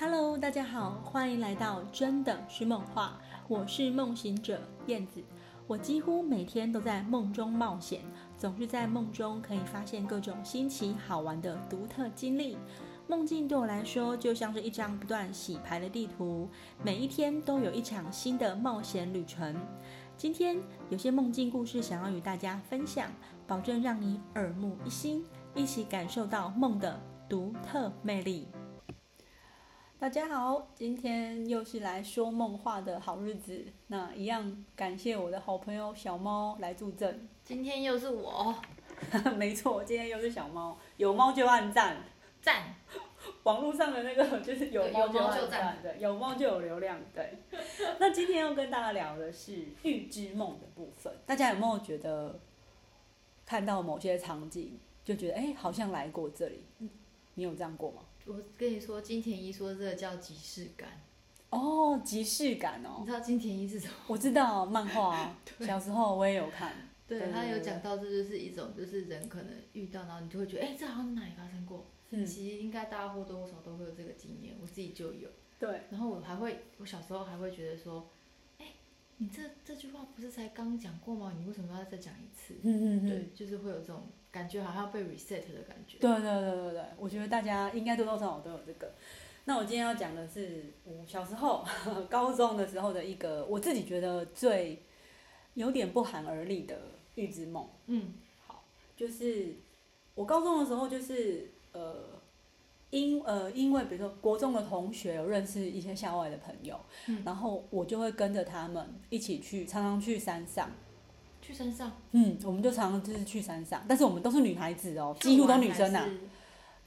Hello，大家好，歡迎來到真的是夢話。我是夢行者燕子。我幾乎每天都在夢中冒險，總是在夢中可以發現各種新奇好玩的獨特經歷。夢境對我來說就像是一張不斷洗牌的地圖，每一天都有一場新的冒險旅程。今天有些夢境故事想要與大家分享，保證讓你耳目一新，一起感受到夢的獨特魅力。大家好，今天又是來說夢話的好日子。那一樣感謝我的好朋友小貓來助陣。今天又是我， 沒錯，今天又是小貓，有貓就按讚讚。讚網絡上的那個就是有貓就按讚，對，有貓就，就有流量，對。 那今天要跟大家聊的是預知夢的部分。大家有沒有覺得看到某些場景就覺得哎、欸，好像來過這裡？嗯、你有這樣過嗎？我跟你說，金田一說這個叫即視感，哦，即視感哦。你知道金田一是什麼？我知道，漫畫。 對小時候我也有看。對，對他有講到，這就是一種，就是人可能遇到，然後你就會覺得，哎、欸，這好像哪裡發生過。是其實應該大家或多或少都會有這個經驗，我自己就有。對。然後我還會，我小時候還會覺得說，哎、欸，你這這句話不是才剛講過嗎？你為什麼要再講一次？嗯嗯嗯。對，就是會有這種。感覺好像被 reset 的感覺。對對對對對，我覺得大家應該多多少少都有這個。那我今天要講的是，我小時候 Okay. 高中的時候的一個，我自己覺得最有點不寒而栗的預知夢。嗯，好，就是我高中的時候，就是呃，因呃因為比如說國中的同學有認識一些校外的朋友，嗯、然後我就會跟着他們一起去，常常去山上。去山上，嗯，嗯，我們就常常就是去山上，嗯嗯，但是我們都是女孩子哦、喔，幾乎都女生吶、啊。是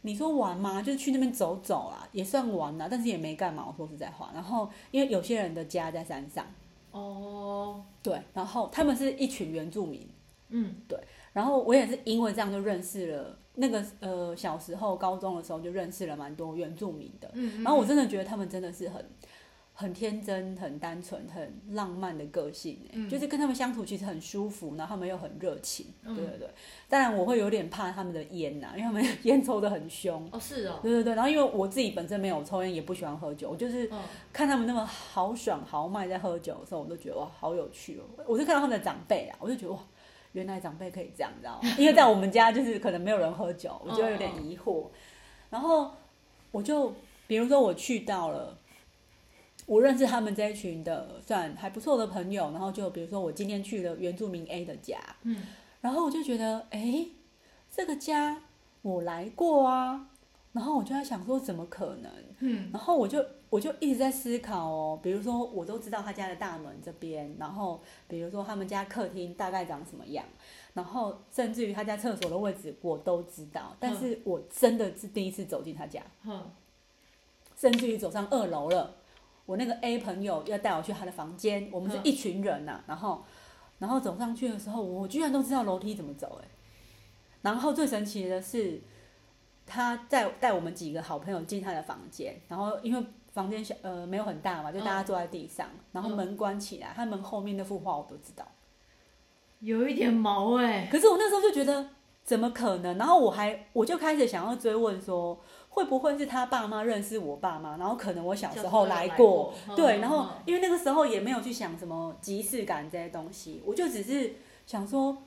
你說玩嘛，就是去那邊走走啦，也算玩吶，但是也沒幹嘛。我說實在話，然後因為有些人的家在山上。哦，對，然後他們是一群原住民，嗯，對，然後我也是因為這樣就認識了那個呃，小時候高中的時候就認識了蠻多原住民的，嗯哼，然後我真的覺得他們真的是很。很天真、很單純、很浪漫的個性、欸，嗯、就是跟他們相處其實很舒服，然後他們又很熱情，嗯、對對對，當然我會有點怕他們的煙吶、啊，因為他們煙抽得很凶。哦，是哦。對對對。然後因為我自己本身沒有抽煙，也不喜歡喝酒，我就是看他們那麽豪爽、豪邁在喝酒的時候，我都覺得哇，好有趣哦。我就看到他們的長輩啊，我就覺得哇，原來長輩可以這樣，你知道嗎？ 因為在我們家就是可能沒有人喝酒，我就有點疑惑。嗯嗯，然後我就比如說我去到了。我認識他們這一群的算還不錯的朋友，然後就比如說我今天去了原住民 A 的家，嗯，然後我就覺得，哎，這個家我來過啊，然後我就在想說，怎麼可能？嗯，然後我就我就一直在思考哦，比如說我都知道他家的大門這邊，然後比如說他們家客廳大概長什麼樣，然後甚至於他家廁所的位置我都知道，但是我真的是第一次走進他家，嗯嗯、甚至於走上二樓了。我那個 A 朋友，要帶我去他的房間，我們是一群人吶、啊，嗯、然後，然後走上去的時候，我居然都知道樓梯怎麼走、欸，哎，然後最神奇的是，他在帶，帶我們幾個好朋友進他的房間，然後因為房間小，呃，沒有很大嘛，就大家坐在地上，嗯、然後門關起來，他門後面那幅畫我都知道，有一點毛哎、欸，可是我那時候就覺得怎麼可能，然後我還我就開始想要追問說。會不會是他爸媽認識我爸媽，然後可能我小時候來過，對，然後因為那個時候也沒有去想什麼即視感這些東西，我就只是想說，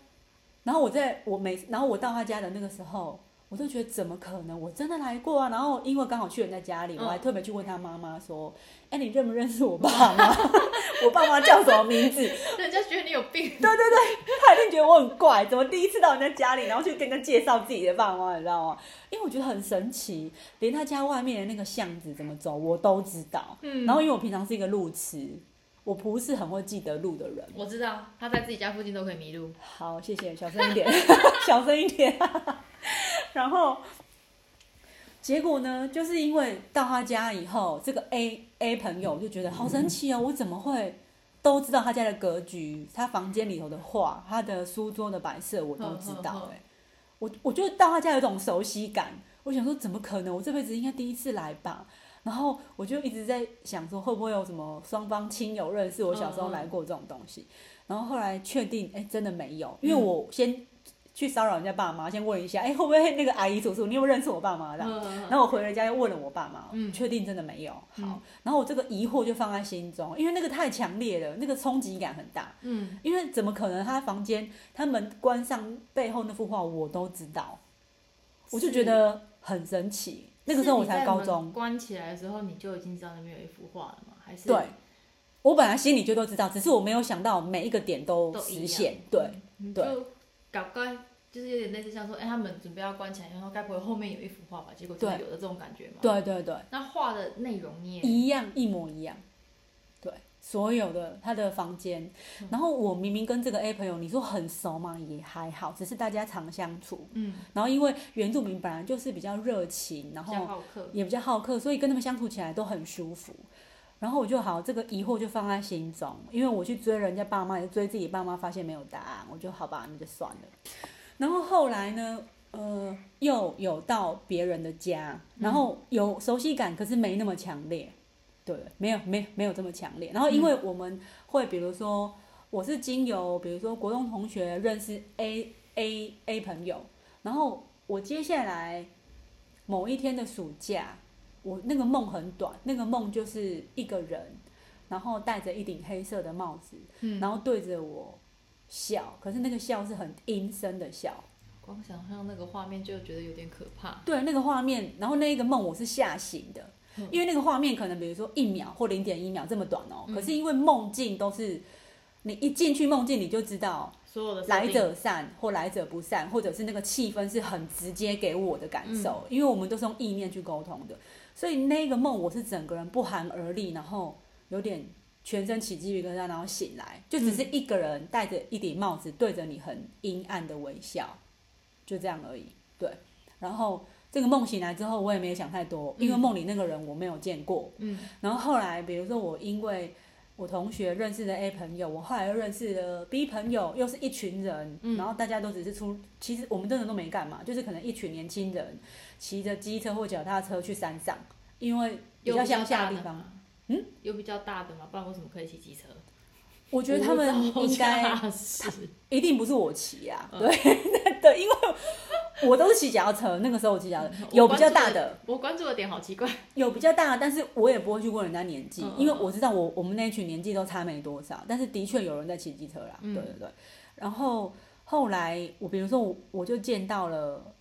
然後我在我每，然後我到他家的那個時候。我就覺得怎麼可能？我真的來過啊！然後因為剛好去人家家裡，我還特別去問他媽媽說：“哎、欸，你認不認識我爸媽？ 我爸媽叫什麼名字？”人家覺得你有病。對對對，他一定覺得我很怪，怎麼第一次到人家家裡，然後去跟人家介紹自己的爸媽？你知道嗎？因為我覺得很神奇，連他家外面的那個巷子怎麼走我都知道。嗯。然後因為我平常是一個路痴，我不是很會記得路的人。我知道他在自己家附近都可以迷路。好，謝謝，小聲一點， 小聲一點。 然後，結果呢？就是因為到他家以後，這個 A A 朋友就覺得好神奇哦！嗯、我怎麼會都知道他家的格局、他房間裡頭的畫、他的書桌的擺設，我都知道、欸嗯嗯嗯我。我我就到他家有種熟悉感。我想說，怎麼可能？我這輩子應該第一次來吧。然後我就一直在想，說會不會有什麼雙方親友認識我小時候來過這種東西？嗯嗯、然後後來確定，哎，真的沒有，因為我先。去騷擾人家爸媽，先問一下，哎、欸，會不會那個阿姨叔叔，你有沒有認識我爸媽？然、嗯、然後我回了家，又問了我爸媽，嗯、確定真的沒有。好，嗯、然後我這個疑惑就放在心中，因為那個太強烈了，那個衝擊感很大。嗯，因為怎麼可能？他房間他門關上，背後那幅畫，我都知道，是我就覺得很神奇。是那個時候我才高中，關起來的時候你就已經知道那邊有一幅畫了嗎？還是對，我本來心裡就都知道，只是我沒有想到每一個點都實現。對對。嗯搞怪就是有點類似像說，哎、欸，他們準備要關起來，然後該不會後面有一幅畫吧？結果就有的這種感覺嘛。對，對對對。那畫的內容也一樣，一模一樣。對，所有的他的房間，然後我明明跟這個 A 朋友，你說很熟嘛，也還好，只是大家常相處。嗯。然後因為原住民本來就是比較熱情，然後也比較好客，所以跟他們相處起來都很舒服。然後我就好，這個疑惑就放在心中，因為我去追人家爸媽，也追自己爸媽，發現沒有答案，我就好吧，那就算了。然後後來呢，呃，又有到別人的家，然後有熟悉感，可是沒那麼強烈，對，沒有，沒，沒有這麼強烈。然後因為我們會，比如說，我是經由，比如說國中同學認識 A A A 朋友，然後我接下來某一天的暑假。我那個夢很短，那個夢就是一個人，然後戴着一頂黑色的帽子，嗯、然後對着我笑，可是那個笑是很陰森的笑，光想象那個畫面就覺得有點可怕。對，那個畫面，然後那一個夢我是嚇醒的，嗯、因為那個畫面可能比如說一秒或零點一秒這麼短哦、喔，嗯、可是因為夢境都是你一進去夢境你就知道。來者善或來者不善，或者是那個氣氛是很直接給我的感受，嗯、因為我們都是用意念去溝通的，所以那個夢我是整個人不寒而慄，然後有點全身起雞皮疙瘩，然後醒來就只是一個人戴着一頂帽子對着你很陰暗的微笑，就這樣而已。對，然後這個夢醒來之後我也沒想太多，嗯、因為夢裡那個人我沒有見過。嗯，然後後來比如說我因為。我同學認識的 A 朋友，我後來又認識了 B 朋友，又是一群人，嗯、然後大家都只是出，其實我們真的都沒幹嘛，就是可能一群年輕人騎着機車或腳踏車去山上，因為比較鄉下的地方，嗯，有比較大的嘛，嗯，不然為什麼可以騎機車？我覺得他們應該，一定不是我騎呀、啊，嗯、對對，因為我都是騎腳踏車。嗯、那個時候我騎腳踏車有比較大的，我關注的點好奇怪，有比較大的，但是我也不會去問人家年紀，嗯、因為我知道我我們那一群年紀都差沒多少，但是的確有人在騎機車啦。嗯、對對對，然後後來我比如說我我就見到了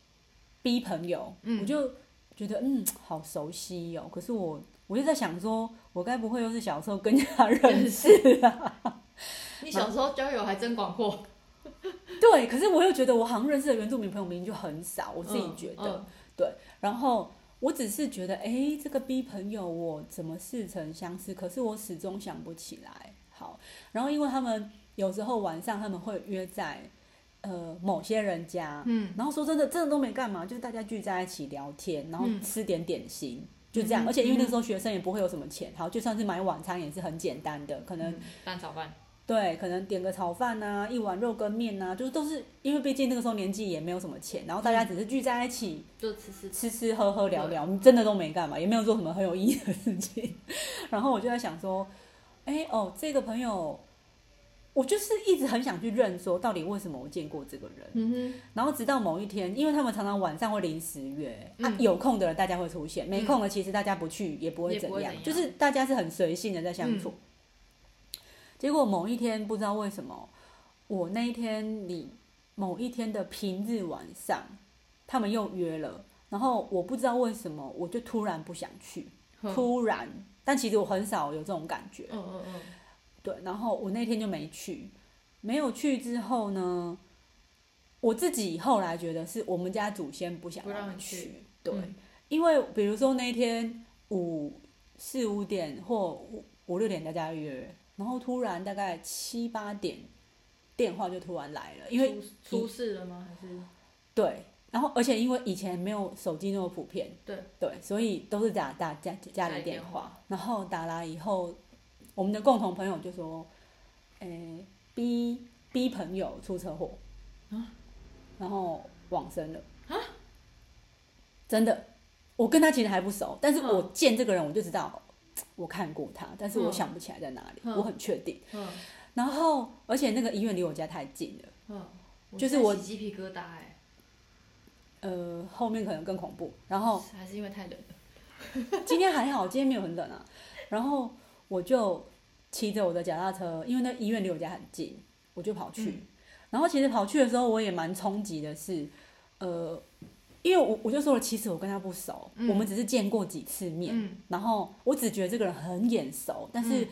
B 朋友，嗯、我就覺得嗯好熟悉哦、喔，可是我我就在想說，我該不會又是小時候跟人家認識啊？你小時候交友還真廣闊， 對，可是我又覺得我好像認識的原住民朋友明明就很少，我自己覺得，嗯嗯、對，然後我只是覺得，哎、欸，這個 B 朋友我怎麼似曾相識？可是我始終想不起來。好，然後因為他們有時候晚上他們會約在呃某些人家，嗯，然後說真的，真的都沒幹嘛，就是大家聚在一起聊天，然後吃點點心，嗯、就這樣。而且因為那時候學生也不會有什麼錢，好，就算是買晚餐也是很簡單的，可能、嗯、蛋炒飯。對，可能點個炒飯吶，啊，一碗肉羹麵吶，啊，就是都是因為畢竟那個時候年紀也沒有什麼錢，然後大家只是聚在一起，就、嗯、吃吃吃吃喝喝聊聊，對你真的都沒幹嘛，也沒有做什麼很有意義的事情。 然後我就在想說，哎哦，這個朋友，我就是一直很想去認說，到底為什麼我見過這個人？嗯、哼然後直到某一天，因為他們常常晚上會臨時約、嗯啊，有空的人大家會出現，沒空的其實大家不去、嗯、也不會怎樣，怎樣就是大家是很隨性的在相處。嗯結果某一天，不知道為什麼，我那一天，你某一天的平日晚上，他們又約了。然後我不知道為什麼，我就突然不想去，突然。嗯、但其實我很少有這種感覺。嗯嗯嗯、對，然後我那天就沒去。沒有去之後呢，我自己後來覺得是我們家祖先不想、不讓你去。對，嗯、因為比如說那天五四五點或五五六點大家約。然後突然大概七八點，電話就突然來了，因為出，出事了嗎？還是對，然後而且因為以前沒有手機那麼普遍，對對，所以都是打打家家裡電話。後然後打來以後，我們的共同朋友就說：“誒、呃、，B B 朋友出車禍啊，然後往生了啊，真的。我跟他其實還不熟，但是我見這個人我就知道。”我看過他，但是我想不起來在哪裡。嗯、我很確定。嗯嗯、然後而且那個醫院離我家太近了。嗯、就是我雞皮疙瘩哎、欸。呃，後面可能更恐怖。然後還是因為太冷。 今天還好，今天沒有很冷啊。然後我就騎着我的腳踏車，因為那個醫院離我家很近，我就跑去。嗯、然後其實跑去的時候，我也蠻衝擊的是，呃。因為我我就說了，其實我跟他不熟，嗯、我們只是見過幾次面，嗯、然後我只覺得這個人很眼熟，但是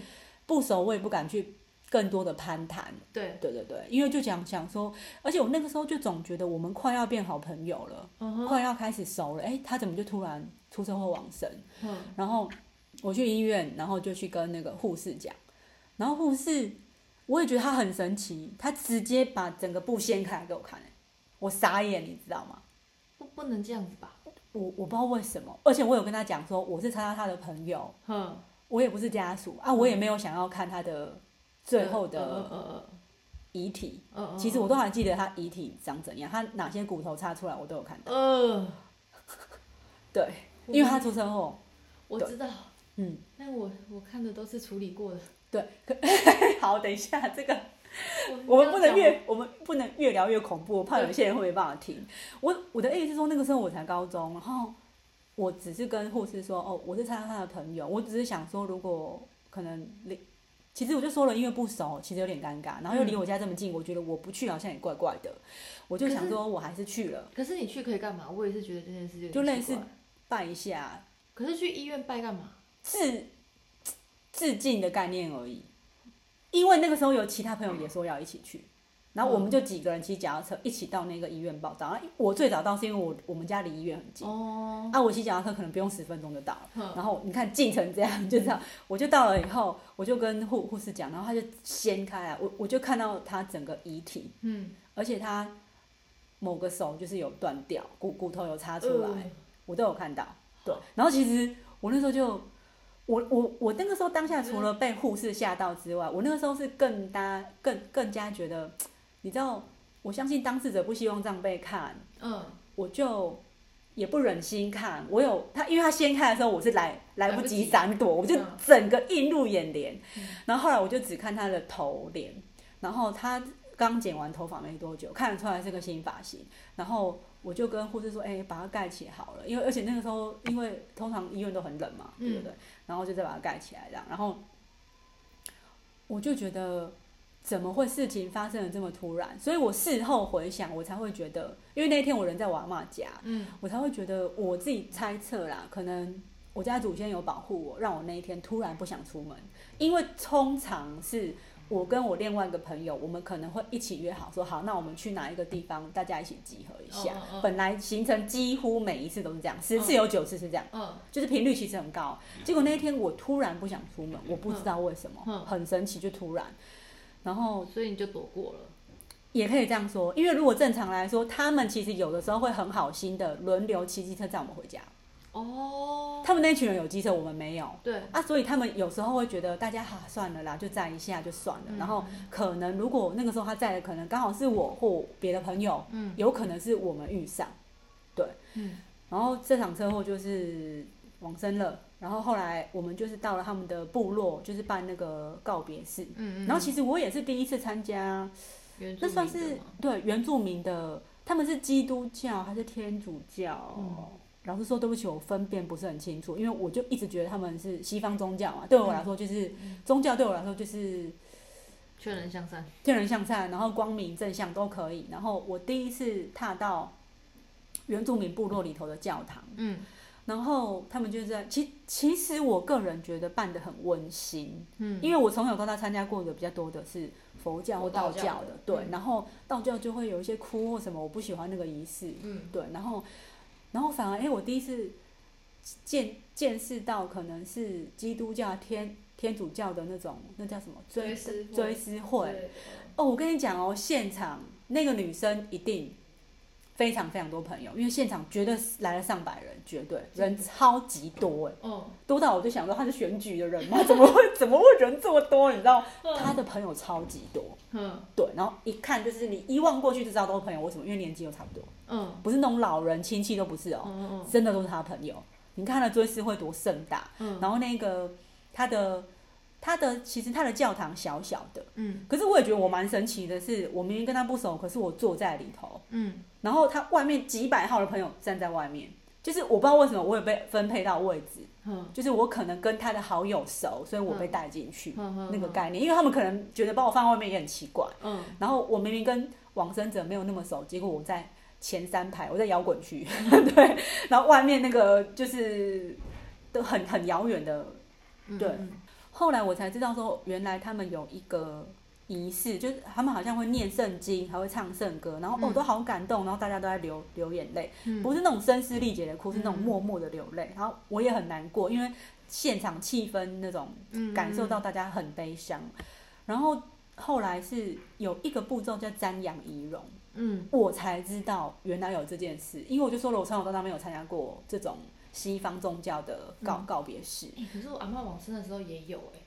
不熟我也不敢去更多的攀談。對、嗯、對對對，因為就講想，想說，而且我那個時候就總覺得我們快要變好朋友了，嗯、哼快要開始熟了。哎、欸，他怎麼就突然出車禍往生？嗯、然後我去醫院，然後就去跟那個護士講，然後護士我也覺得他很神奇，他直接把整個布掀開來給我看、欸，我傻眼，你知道嗎？不能這樣子吧？我我不知道為什麼，而且我有跟他講說，我是參加他的朋友，嗯，我也不是家屬啊，我也沒有想要看他的最後的遺體，其實我都還記得他遺體長怎樣，他哪些骨頭插出來我都有看到，嗯，對，因為他出生後我，我知道，嗯，對，但我我看的都是處理過的，對，呵呵，好，等一下這個。我,我們不能越，我們不能越聊越恐怖，我怕有些人會沒辦法聽。我我的意思是說，那個時候我才高中，然後我只是跟護士說，哦，我是參加他的朋友，我只是想說，如果可能離，其實我就說了，因為不熟，其實有點尷尬，然後又離我家這麼近，我覺得我不去好像也怪怪的，我就想說，我還是去了。可是，可是你去可以幹嘛？我也是覺得這件事有點就類似拜一下。可是去醫院拜幹嘛？致致敬的概念而已。因為那個時候有其他朋友也說要一起去，嗯、然後我們就幾個人騎腳踏車一起到那個醫院報到、嗯啊。我最早到是因為我我們家離醫院很近，哦、啊，我騎腳踏車可能不用十分鐘就到了。嗯、然後你看進程這樣就這樣，我就到了以後，我就跟護護士講，然後他就掀開啊，我我就看到他整個遺體，嗯，而且他某個手就是有斷掉，骨骨頭有插出來，嗯、我都有看到。對，然後其實我那時候就。我我我那個時候當下除了被護士嚇到之外，是我那個時候是更大更更加覺得，你知道，我相信當事者不希望這樣被看，嗯，我就也不忍心看。嗯、我有他，因為他掀開的時候，我是來、嗯、來不及閃躲，嗯、我就整個映入眼簾。嗯、然後後來我就只看他的頭臉，然後他剛剪完頭髮沒多久，看得出來是個新髮型，然後。我就跟護士說：“哎、欸，把它蓋起來好了，因為而且那個時候，因為通常醫院都很冷嘛，對不對？嗯、然後就再把它蓋起來這樣。然後我就覺得，怎麼會事情發生得這麼突然？所以我事後回想，我才會覺得，因為那一天我人在我阿嬤家，嗯，我才會覺得我自己猜測啦，可能我家祖先有保護我，讓我那一天突然不想出門，因為通常是。”我跟我另外一個朋友，我們可能會一起約好說好，那我們去哪一個地方，大家一起集合一下。哦哦、本來行程幾乎每一次都是這樣，十次有九次是這樣，嗯、哦，就是頻率其實很高。嗯、結果那一天我突然不想出門，嗯、我不知道為什麼，嗯嗯、很神奇就突然。然後，所以你就躲過了，也可以這樣說。因為如果正常來說，他們其實有的時候會很好心的輪流騎機車載我們回家。哦，oh, 他們那群人有機車，我們沒有。對啊，所以他們有時候會覺得大家，哈、啊、算了啦，就站一下就算了。嗯嗯，然後可能如果那個時候他在，可能剛好是我或別的朋友，嗯，有可能是我們遇上，對，嗯。然後這場車禍就是往生了。然後後來我們就是到了他們的部落，就是辦那個告別式。嗯，嗯，嗯，然後其實我也是第一次參加，那算是對，原住民的。他們是基督教還是天主教？嗯老實說，對不起，我分辨不是很清楚，因為我就一直覺得他們是西方宗教嘛。對我來說，就是宗教，對我來說就是勸、嗯、就是、人向善，勸、嗯、人向善，然後光明正向都可以。然後我第一次踏到原住民部落裡頭的教堂，嗯，嗯，然後他們就是在，其其實我個人覺得辦得很溫馨，嗯，因為我從小到大參加過的比較多的是佛教或道教的，教的對，嗯、然後道教就會有一些哭或什麼，我不喜歡那個儀式，嗯，對，然後。然後反而，哎，我第一次見見識到可能是基督教天、天天主教的那種，那叫什麼追，追思追思會。對哦，我跟你講哦，現場那個女生一定非常非常多朋友，因為現場絕對來了上百人，絕對人超級多，哎、嗯，哦，多到我就想說他是選舉的人嗎？怎麼會怎麼會人這麼多？你知道、嗯、他的朋友超級多，嗯，嗯嗯對，然後一看就是你一望過去就知道都是朋友，為什麼？因為年紀又差不多，嗯，不是那種老人親戚都不是哦、喔，真的都是他朋友。你看他的追思會多盛大，嗯，然後那個他的他的其實他的教堂小小的，嗯，可是我也覺得我蠻神奇的是，嗯、我明明跟他不熟，可是我坐在裡頭，嗯。然後他外面幾百號的朋友站在外面，就是我不知道為什麼我有被分配到位置，嗯，就是我可能跟他的好友熟，所以我被帶進去，嗯、那個概念，嗯嗯、因為他們可能覺得把我放在外面也很奇怪，嗯，然後我明明跟往生者沒有那麼熟，結果我在前三排，我在搖滾區，嗯、 對，然後外面那個就是都很很遙遠的，對，嗯嗯、後來我才知道說原來他們有一個。儀式就是他們好像會念聖經，還會唱聖歌，然後、嗯、哦我都好感動，然後大家都在流流眼淚，嗯、不是那種聲嘶力竭的哭，是那種默默的流淚。然後我也很難過，因為現場氣氛那種感受到大家很悲傷。嗯嗯，然後後來是有一個步驟叫瞻仰遺容，嗯，我才知道原來有這件事。因為我就說了，我從小到大沒有參加過這種西方宗教的告告別式、嗯欸。可是我阿嬤往生的時候也有哎、欸。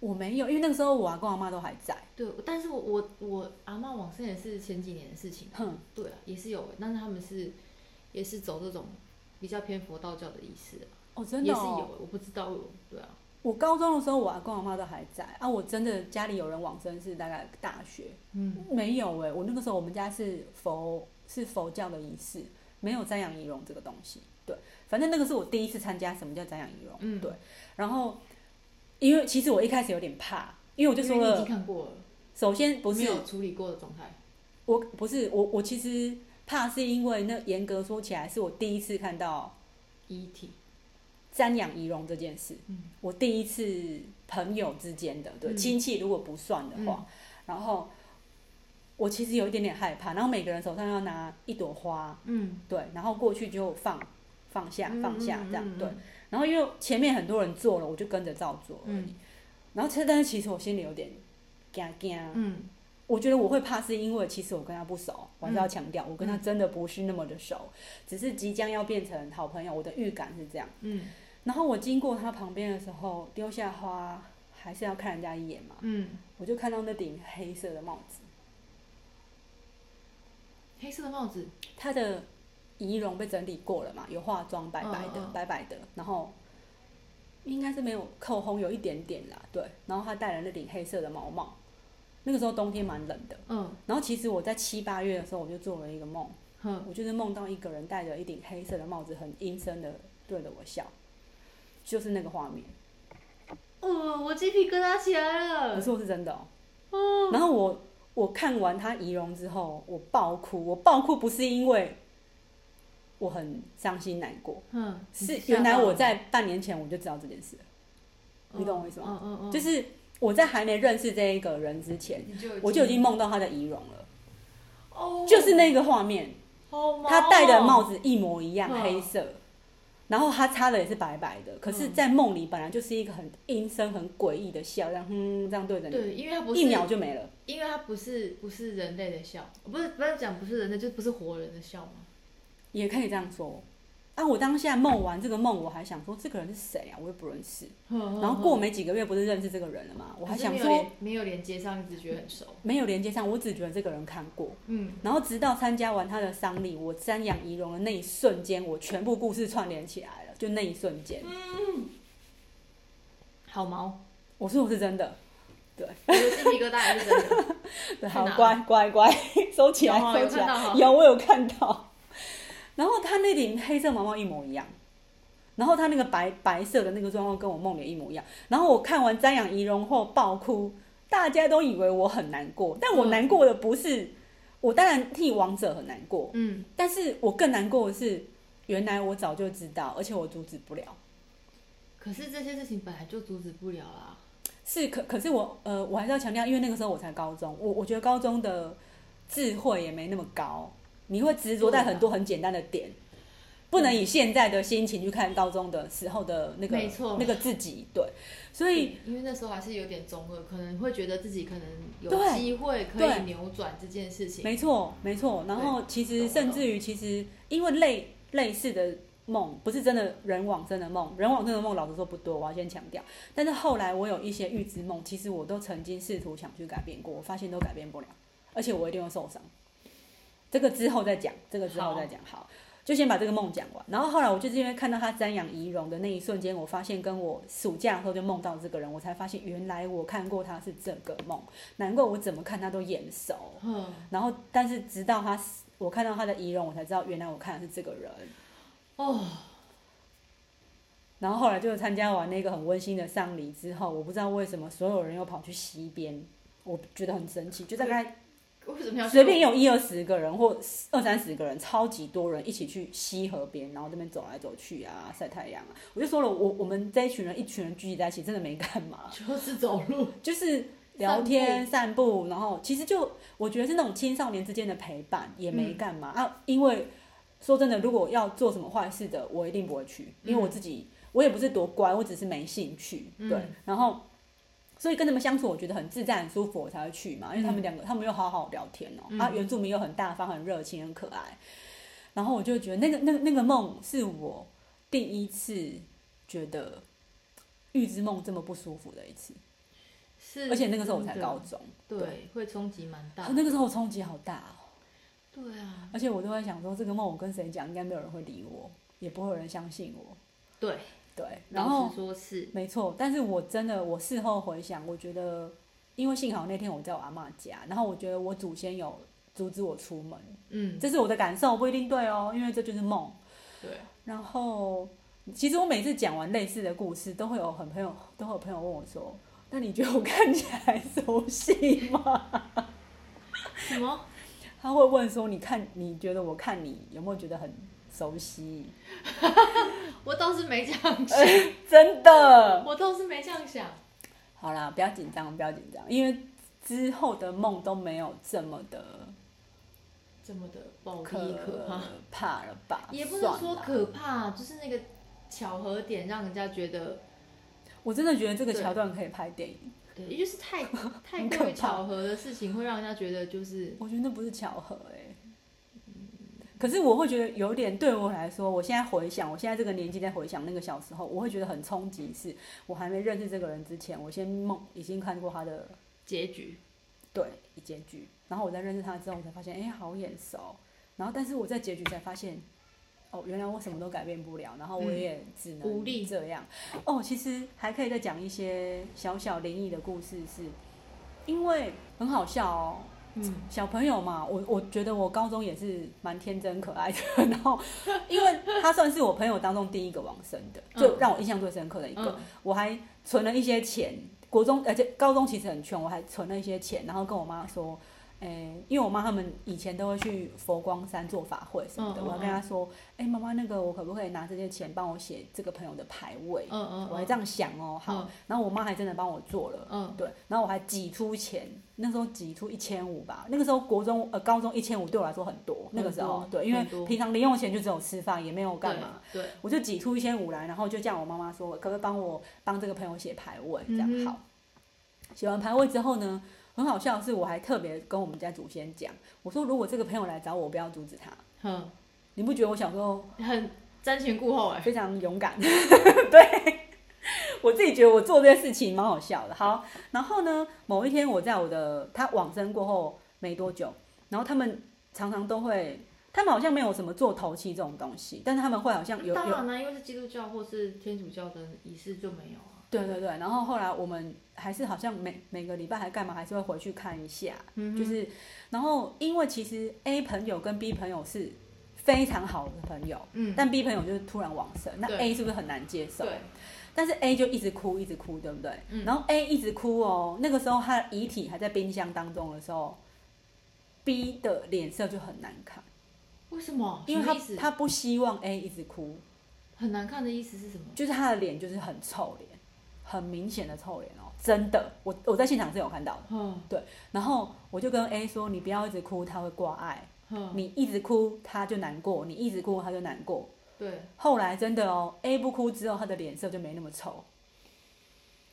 我沒有，因為那個時候我阿公阿嬤都還在。對，但是我我我阿嬤往生也是前幾年的事情。哼，對啊，也是有，但是他們是也是走這種比較偏佛道教的儀式啊。哦，真的哦？也是有，我不知道。對啊。我高中的時候，我阿公阿嬤都還在啊。我真的家裡有人往生是大概大學。嗯。沒有哎，我那個時候我們家是佛是佛教的儀式，沒有瞻仰儀容這個東西。對，反正那個是我第一次參加，什麼叫瞻仰儀容？嗯，對。然後。因為其實我一開始有點怕，因為我就說了，首先不是有處理過的狀態，我不是我我其實怕是因為那嚴格說起來是我第一次看到遺體瞻仰遺容這件事，我第一次朋友之間的對親、嗯、戚如果不算的話，嗯、然後我其實有一點點害怕，然後每個人手上要拿一朵花，嗯，對，然後過去就放放下放下這樣嗯嗯嗯嗯對。然後因為前面很多人做了，我就跟着照做而已、嗯、然後，車但是其實我心裡有點驚驚。嗯，我覺得我會怕，是因為其實我跟他不熟，我還是要強調，嗯、我跟他真的不是那麼的熟，嗯、只是即將要變成好朋友。我的預感是這樣。嗯。然後我經過他旁邊的時候，丟下花，還是要看人家一眼嘛。嗯。我就看到那頂黑色的帽子。黑色的帽子。他的。儀容被整理過了嘛？有化妝，白白的，oh. 白白的。然後應該是沒有口紅，有一點點啦。對。然後他戴了那頂黑色的毛帽。那個時候冬天蠻冷的。嗯。Oh. 然後其實我在七八月的時候，我就做了一個夢。Oh. 我就是夢到一個人戴着一頂黑色的帽子，很陰森的對着我笑。就是那個畫面。嗯、oh, 我雞皮疙瘩起來了。我說是真的哦、喔。哦。Oh. 然後我我看完他儀容之後，我爆哭。我爆哭不是因為。我很傷心難過。嗯，是原來我在半年前我就知道這件事，你懂我意思嗎？嗯嗯嗯，就是我在還沒認識這個人之前，我就已經夢到他的遺容了。哦，就是那個畫面，他戴的帽子一模一樣，黑色，然後他擦的也是白白的。可是，在夢裡本來就是一個很陰森、很詭異的笑，這樣，哼這樣對着你，對，因為他一秒就沒了，因為他不是不是人類的笑，不是不要講不是人類，就不是活人的笑嗎？也可以這樣說，啊！我當下夢完這個夢，我還想說這個人是誰啊？我又不認識。然後過沒幾個月，不是認識這個人了嗎？我還想說沒有連接上，一直覺得很熟。沒有連接上，我只覺得這個人看過。嗯。然後直到參加完他的喪禮，我瞻仰遺容的那一瞬間，我全部故事串聯起來了，就那一瞬間。嗯。好毛，我說我是真的，對。又是一個大真的對，好乖乖乖，收起來收起來，有、啊，我有看到。然後他那頂黑色毛帽一模一樣，然後他那個白白色的那個妝容跟我夢裡一模一樣。然後我看完瞻仰遺容後爆哭，大家都以為我很難過，但我難過的不是，我當然替王者很難過，嗯，但是我更難過的是，原來我早就知道，而且我阻止不了。可是這些事情本來就阻止不了啊。是，可可是我呃，我還是要強調，因為那個時候我才高中，我我覺得高中的智慧也沒那麼高。你會執着在很多很簡單的點，啊、不能以現在的心情去看高中的時候的那個沒錯那個自己，對，所以因為那時候還是有點中二，可能會覺得自己可能有機會可以扭轉這件事情，沒錯沒錯。然後其實甚至於其實因為類類似的夢，不是真的人往生的夢，人往生的夢老實說不多，我要先強調。但是後來我有一些預知夢，其實我都曾經試圖想去改變過，我發現都改變不了，而且我一定會受傷。這個之後再講，這個之後再講，好，好，就先把這個夢講完。然後後來，我就是因為看到他瞻仰遺容的那一瞬間，我發現跟我暑假的時候就夢到這個人，我才發現原來我看過他是這個夢，難怪我怎麼看他都眼熟。呵然後，但是直到他，我看到他的遺容，我才知道原來我看的是這個人。哦。然後後來就參加完那個很溫馨的喪禮之後，我不知道為什麼所有人又跑去西邊，我覺得很神奇，就大概隨便有一二十個人或二三十個人，超級多人一起去溪河邊，然後這邊走來走去啊，曬太陽啊。我就說了，我我們這一群人，一群人聚集在一起，真的沒幹嘛，就是走路，就是聊天散步，散步，然後其實就我覺得是那種青少年之間的陪伴，也沒幹嘛、嗯、啊。因為說真的，如果要做什麼壞事的，我一定不會去，因為我自己我也不是多乖，我只是沒興趣。對，嗯、然後。所以跟他們相處，我覺得很自在、很舒服，我才會去嘛。因為他們兩個，嗯、他們又好好聊天哦、喔。嗯、啊，原住民又很大方、很熱情、很可愛。然後我就覺得，那個、那、那個夢是我第一次覺得預知夢這麼不舒服的一次。是。而且那個時候我才高中。對，對會衝擊蠻大、啊。那個時候衝擊好大哦、喔。對啊。而且我都在想說，這個夢我跟誰講？應該沒有人會理我，也不會有人相信我。對。對，然後說是，是沒錯。但是我真的，我事後回想，我覺得，因為幸好那天我在我阿嬤家，然後我覺得我祖先有阻止我出門，嗯，這是我的感受，不一定對哦，因為這就是夢。對，然後其實我每次講完類似的故事，都會有很朋友，都會有朋友問我說：“那你覺得我看起來熟悉嗎？”什麼？他會問說：“你看，你覺得我看你有沒有覺得很熟悉？” 我倒是沒這樣想，欸、真的。我倒是沒這樣想。好啦，不要緊張，不要緊張，因為之後的夢都沒有這麼的，這麼的暴力可怕，了吧？也不是說可怕，了就是那個巧合點，讓人家覺得。我真的覺得這個橋段可以拍電影，也就是太太過於巧合的事情，會讓人家覺得就是。我覺得那不是巧合，欸，哎。可是我會覺得有點，對我來說，我現在回想，我現在這個年紀在回想那個小時候，我會覺得很衝擊是，是我還沒認識這個人之前，我先夢已經看過他的結局，對，一結局，然後我在認識他之後，我才發現，哎，好眼熟，然後但是我在結局才發現，哦，原來我什麼都改變不了，然後我也只能無力，這樣，嗯、哦，其實還可以再講一些小小靈異的故事是，是因為很好笑哦。嗯，小朋友嘛，我我覺得我高中也是蠻天真可愛的，然後因為他算是我朋友當中第一個往生的，就讓我印象最深刻的一個，嗯、我還存了一些錢，國中而且高中其實很窮，我還存了一些錢，然後跟我媽說。哎、欸，因為我媽他們以前都會去佛光山做法會什麼的，我要、哦、跟她說，哎、哦，媽、哦、媽，欸、媽媽那個我可不可以拿這些錢幫我寫這個朋友的牌位？哦哦、我還這樣想、喔、哦，好，然後我媽還真的幫我做了，嗯、哦，對，然後我還擠出錢，那時候擠出一千五吧，那個時候國中呃高中一千五對我來說很多，那個時候，沒錯對，因為平常零用錢就只有吃飯，也沒有幹嘛對，對，我就擠出一千五來，然後就叫我媽媽說，可不可以幫我幫這個朋友寫牌位，這樣、嗯、哼好。寫完牌位之後呢？很好笑，是我還特別跟我們家祖先講，我說如果這個朋友來找我，我不要阻止他。哼、嗯，你不覺得我小時候很瞻前顧後啊，非常勇敢？嗯欸、勇敢 對，我自己覺得我做這件事情蠻好笑的。好，然後呢，某一天我在我的他往生過後沒多久，然後他們常常都會，他們好像沒有什麼做頭七這種東西，但是他們會好像有。當然了，因為是基督教或是天主教的儀式就沒有。對對對，然後後來我們還是好像每每個禮拜還幹嘛，還是會回去看一下，嗯、哼就是，然後因為其實 A 朋友跟 B 朋友是非常好的朋友，嗯，但 B 朋友就是突然往生，那 A 是不是很難接受？對，但是 A 就一直哭，一直哭，對不對？嗯，然後 A 一直哭哦，那個時候他的遺體還在冰箱當中的時候，B 的臉色就很難看，為什麼？什麼意思？因為他他不希望 A 一直哭，很難看的意思是什麼？就是他的臉就是很臭臉。很明顯的臭臉哦，真的，我我在現場是有看到的。對。然後我就跟 A 說：“你不要一直哭，他會掛礙。你一直哭他就難過，你一直哭他就難過。”對。後來真的哦，A 不哭之後，他的臉色就沒那麼臭。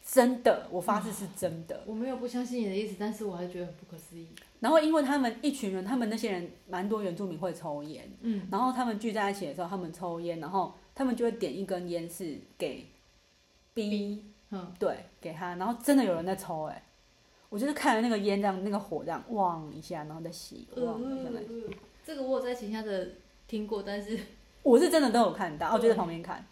真的，我發誓是真的。我沒有不相信你的意思，但是我還是覺得很不可思議。然後因為他們一群人，他們那些人蠻多原住民會抽菸，然後他們聚在一起的時候，他們抽菸，然後他們就會點一根菸是給 B。嗯，對，給他，然後真的有人在抽哎，我就是看着那個煙這樣，那個火這樣，旺一下，然後再熄。旺一下、呃呃。這個我有在其他的聽過，但是我是真的都有看到，哦就在旁邊看。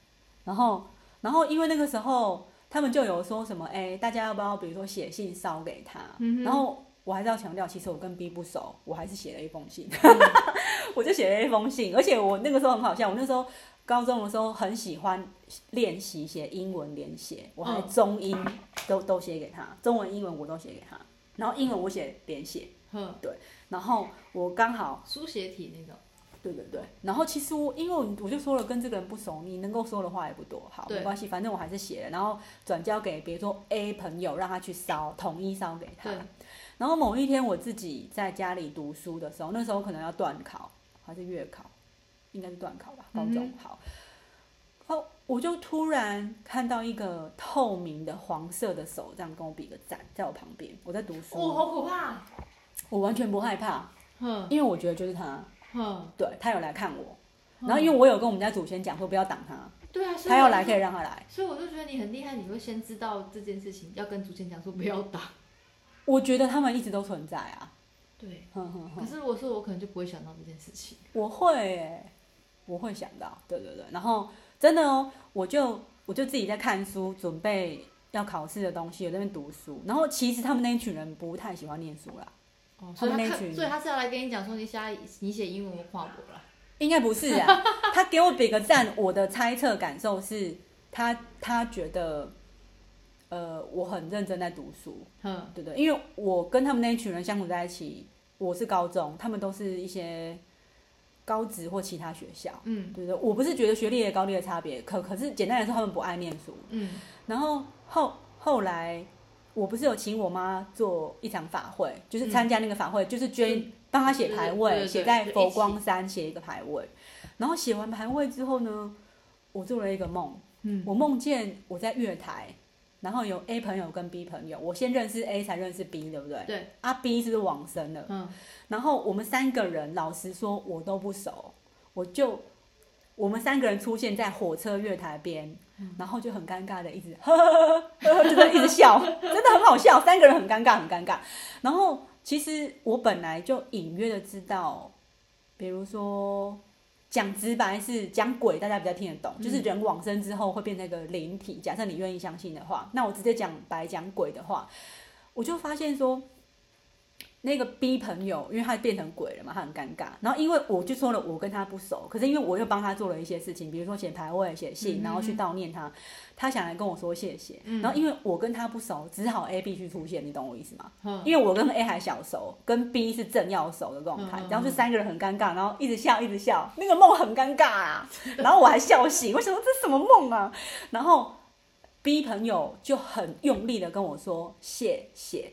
然後，然後因為那個時候他們就有說什麼，哎，大家要不要比如說寫信燒給他？嗯、哼然後我還是要強調，其實我跟 B 不熟，我還是寫了一封信，嗯、 我就寫了一封信，而且我那個時候很好笑，我那時候高中的時候很喜歡。練習寫英文連寫，我還中英都、嗯、都寫給他，中文、英文我都寫給他，然後英文我寫連寫，哼、嗯，對，然後我剛好書寫體那個對對對，然後其實我，因為我就說了跟這個人不熟，你能夠說的話也不多，好，對沒關係，反正我還是寫了，然後轉交給比如說 A 朋友，讓他去燒，統一燒給他，對然後某一天我自己在家裡讀書的時候，那時候可能要段考還是月考，應該是段考吧，高中、嗯嗯、好。我就突然看到一個透明的黃色的手，這樣跟我比個讚，在我旁邊。我在讀書，我好可怕！我完全不害怕，哼，因為我覺得就是他，哼，對，他有來看我，然後因為我有跟我們家祖先講說不要擋他，對啊，他要來可以讓他來，所以我就覺得你很厲害，你會先知道這件事情，要跟祖先講說不要擋。我覺得他們一直都存在啊，對，可是我說我可能就不會想到這件事情，我會，我會想到，對對對，對，然後。真的哦，我就我就自己在看書，準備要考試的東西，我在那邊讀書。然後其實他們那群人不太喜歡念書啦，哦，所以他他們那群人，所以他是要來跟你講說你現在你寫英文跨國啦，應該不是啊。他給我比個讚， 我的猜測感受是他，他他覺得，呃，我很認真在讀書，嗯嗯，對對，因為我跟他們那一群人相處在一起，我是高中，他們都是一些。高職或其他學校，嗯，對不對，我不是覺得學歷也高低的差別，可可是簡單來說，他們不愛念書，嗯，然後後後來，我不是有請我媽做一場法會，就是參加那個法會，嗯、就是捐是幫她寫牌位，對對對，寫在佛光山寫一個牌位，對對，然後寫完牌位之後呢，我做了一個夢，嗯，我夢見我在月台。然後有 A 朋友跟 B 朋友，我先認識 A 才認識 B，對不對？對。啊，B 是不是往生的？嗯。然後我們三個人老實說，我都不熟，我就我們三個人出現在火車月台邊，然後就很尷尬的一直呵呵呵呵，就在一直笑， 真的很好笑，三個人很尷尬，很尷尬。然後其實我本來就隱約的知道，比如說。講直白是講鬼，大家比較聽得懂。就是人往生之後會變成一個靈體，假設你願意相信的話，那我直接講白講鬼的話，我就發現說。那個 B 朋友，因為他變成鬼了嘛，他很尷尬。然後因為我就說了，我跟他不熟，可是因為我又幫他做了一些事情，比如說寫牌位、寫信，然後去悼念他，他想來跟我說謝謝。然後因為我跟他不熟，只好 A B 去出現，你懂我意思嗎？因為我跟 A 還小熟，跟 B 是正要熟的狀態。然後就三個人很尷尬，然後一直笑一直笑，那個夢很尷尬啊。然後我還笑醒，我想說這什麼夢啊？然後 B 朋友就很用力的跟我說謝謝。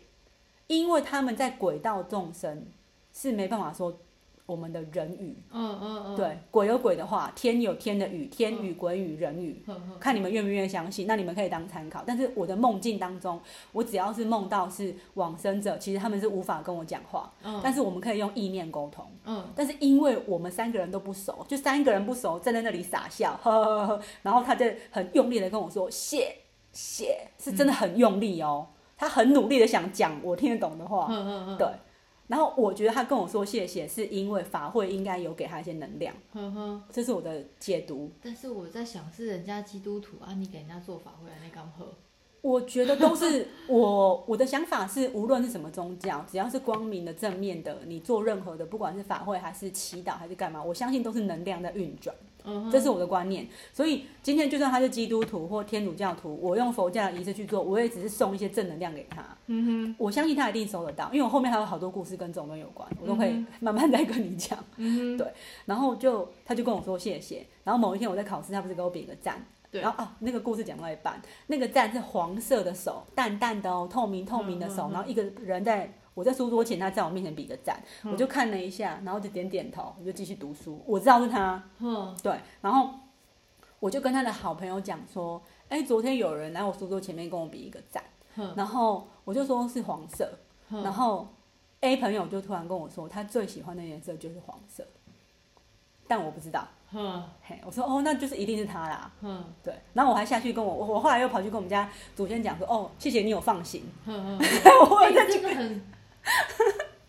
因為他們在鬼道眾生是沒辦法說我們的人語，嗯嗯嗯，嗯嗯對，鬼有鬼的話，天有天的語，天語、鬼語、嗯、人、嗯、語，看你們願不願意相信，那你們可以當參考。但是我的夢境當中，我只要是夢到是往生者，其實他們是無法跟我講話，但是我們可以用意念溝通，嗯，但是因為我們三個人都不熟，就三個人不熟站在那裡傻笑呵呵呵，然後他就很用力的跟我說謝謝，是真的很用力哦。嗯他很努力的想講我聽得懂的話，對。然後我覺得他跟我說謝謝，是因為法會應該有給他一些能量，這是我的解讀。但是我在想，是人家基督徒啊，你給人家做法會，人家幹嘛？我覺得都是我我的想法是，無論是什麼宗教，只要是光明的、正面的，你做任何的，不管是法會還是祈禱還是幹嘛，我，我，我相信都是能量在運轉。這是我的觀念，uh huh. 所以今天就算他是基督徒或天主教徒，我用佛教的儀式去做，我也只是送一些正能量給他。嗯哼、uh，huh. 我相信他一定收得到，因為我後面還有好多故事跟這種東西有關，我都可以慢慢再跟你講。嗯哼、uh，huh. 對，然後就他就跟我說謝謝，然後某一天我在考試，他不是給我比一個讚，uh huh. 然後啊、哦、那個故事講到一半，那個讚是黃色的手，淡淡的哦，透明透明的手，uh huh huh. 然後一個人在。我在書桌前，他在我面前比個讚，嗯、我就看了一下，然後就點點頭，我就繼續讀書。我知道是他，嗯、對。然後我就跟他的好朋友講說：“哎、欸，昨天有人來我書桌前面跟我比一個讚。嗯”然後我就說是黃色。嗯、然後 A 朋友就突然跟我說：“他最喜歡的顏色就是黃色。”但我不知道。嗯、嘿，我說：“哦，那就是一定是他啦。嗯”對。然後我還下去跟我我後來又跑去跟我們家祖先講說：“哦，謝謝你有放行。嗯”嗯嗯，我真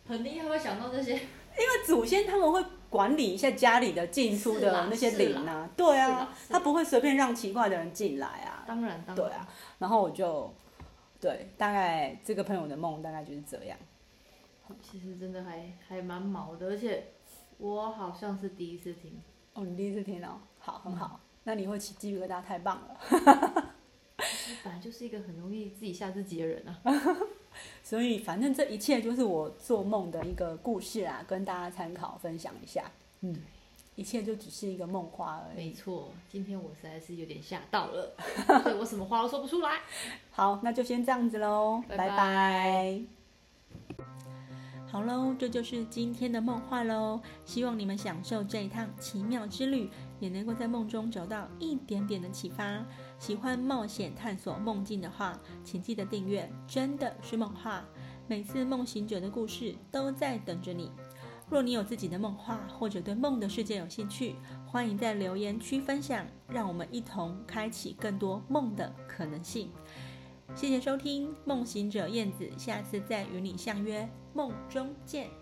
肯定他會想到這些，因為祖先他們會管理一下家裡的進出的那些靈啊，對啊，他不會隨便讓奇怪的人進來啊。當然，當然，對啊。然後我就，對，大概這個朋友的夢大概就是這樣。其實真的還還蠻毛的，而且我好像是第一次聽。哦，你第一次聽哦，好，很好。嗯、那你會起雞皮疙瘩？太棒了。 本來就是一個很容易自己嚇自己的人啊， 所以反正這一切就是我做夢的一個故事啊。跟大家參考分享一下。嗯，一切就只是一個夢話而已。沒錯，今天我實在是有點嚇到了，所以我什麼話都說不出來。 好，那就先這樣子嘍，拜拜。好嘍，這就是今天的夢話嘍，希望你們享受這一趟奇妙之旅。也能夠在夢中找到一點點的啟發。喜歡冒險探索夢境的話，請記得訂閱《真的是夢話》，每次夢行者的故事都在等着你。若你有自己的夢話，或者對夢的世界有興趣，歡迎在留言區分享，讓我們一同開啟更多夢的可能性。謝謝收聽夢行者燕子，下次再與你相約夢中見。